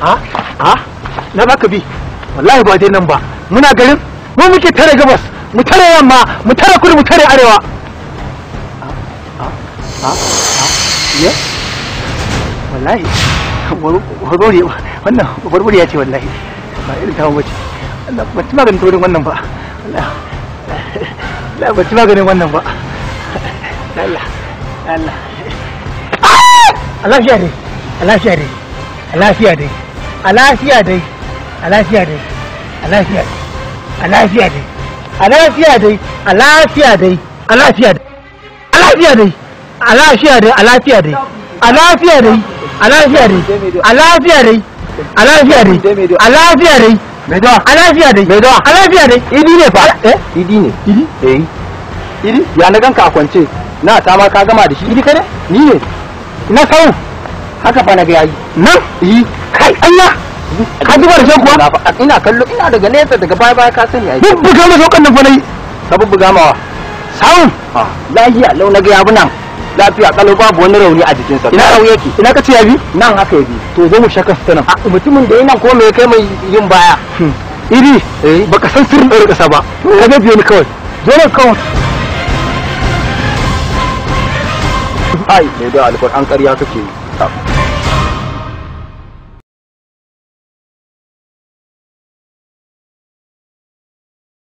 ha na baka bi wallahi ba dai nan ba muna garin mu muke tare gabas mu tare yamma mu tare kudu mu tare arewa ya wallahi barbari wannan barbari ya ce wallahi ba irin tawo bace ba ci maganin taurin wannan ba ba ci maganin wannan ba Allah Allah Allah Allah Allah Allah Allah Allah Allah a lafiya dai a lafiya dai a lafiya dai a lafiya dai a lafiya dai a lafiya dai a lafiya dai a lafiya dai a lafiya dai a lafiya dai a lafiya dai a lafiya dai a lafiya dai a lafiya dai a lafiya dai mai dawa a lafiya dai mai dawa a lafiya dai idi ne fa eh idi ne idi eh idi ya na ganka a kwance na ta ma ka gama da shi idi kare ni ne na kawo haka fa na ga yayi nan yi kai anya ka duba da kuwa ina kallo ina daga nesa daga baya baya ka sani ai bubbuga mu kan nan fa nayi ka bubbuga mawa sawun lafiya lau na ga yabu nan lafiya kallo babu wani rauni a sa. ina rauni yake ina ka ce ya nan haka ya bi to zo mu shaka su nan mutumin da yana ko me kai mai yin baya hmm. iri eh? baka san sirrin ɗaure ƙasa ba ka zai biyo ni kawai zo na kawai ai mai da alfar an ƙarya kake yi